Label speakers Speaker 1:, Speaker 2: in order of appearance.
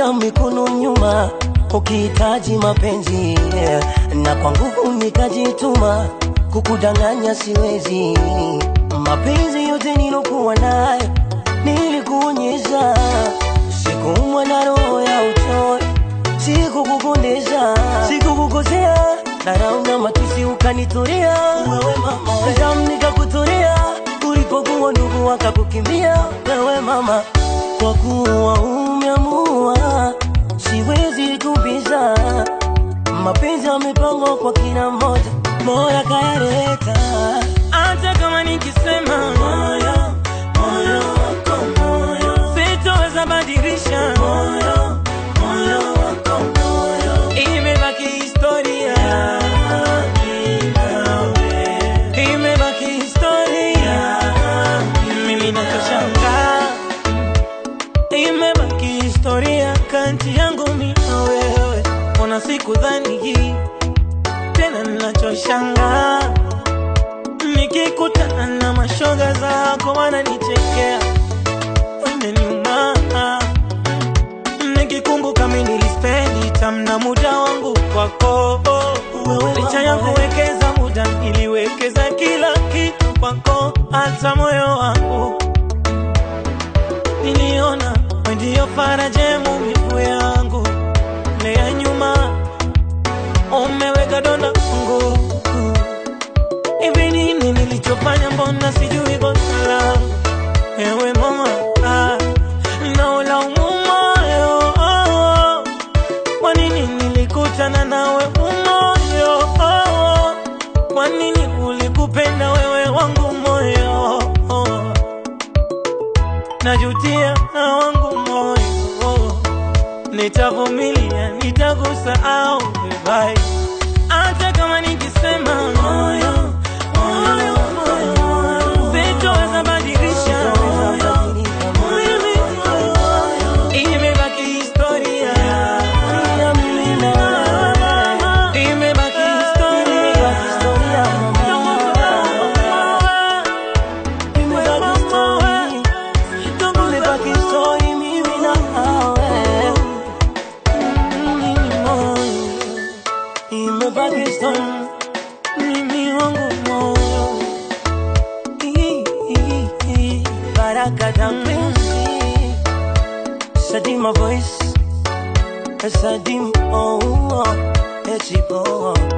Speaker 1: Kunja mikono nyuma ukihitaji mapenzi Na kwa nguvu nikajituma kukudanganya siwezi. Mapenzi yote nilokuwa nayo nilikuonyesha, sikuumwa na roho ya uchoyo, sikukupondeza, sikukukosea, dharau na matusi ukanitoria wewe mama, ulipokuwa ndugu wakakukimbia wewe mama kwa kuwa umeamua, siwezi kupiza Mapenzi yamepangwa kwa kila moja mola kayaleta, hata kama nikisema na hii tena. Ninachoshangaa nikikutana na mashoga zako wananichekea, imeniuma nikikumbuka mimi nilispendi tamna muda wangu kwako licha ya kuwekeza muda niliwekeza kila kitu kwako, hata moyo wangu niliona ndio faraja nilichofanya mbona sijui kosa ewe mama ah, na ulaumu moyo oh, kwa nini nilikutana nawe umoyo oh, kwa nini ulikupenda wewe wangu moyo oh, najutia na wangu moyo oh, nitavumilia nitakusahau vibaya hata kama nikisema oh, kadang music Sadim my voice Sadim oh, oh, oh, oh, oh.